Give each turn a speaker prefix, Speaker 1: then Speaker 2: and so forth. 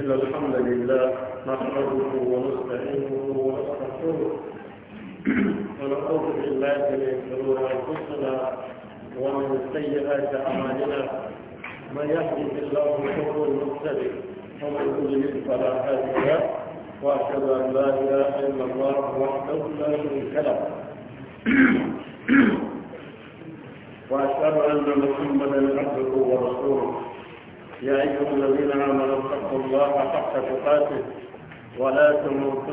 Speaker 1: إن الحمد لله نحمده ونستعينه
Speaker 2: ونستغفره ونعوذ بالله من شرور أنفسنا ومن سيئات أعمالنا من يهده الله فهو المقتدر ومن يضلل فلا هادي له وأشهد أن لا إله إلا الله وحده لا شريك له وأشهد أن محمدا عبده ورسوله يا أيها الذين آمنوا اتقوا الله حق تقاته ولا تموتن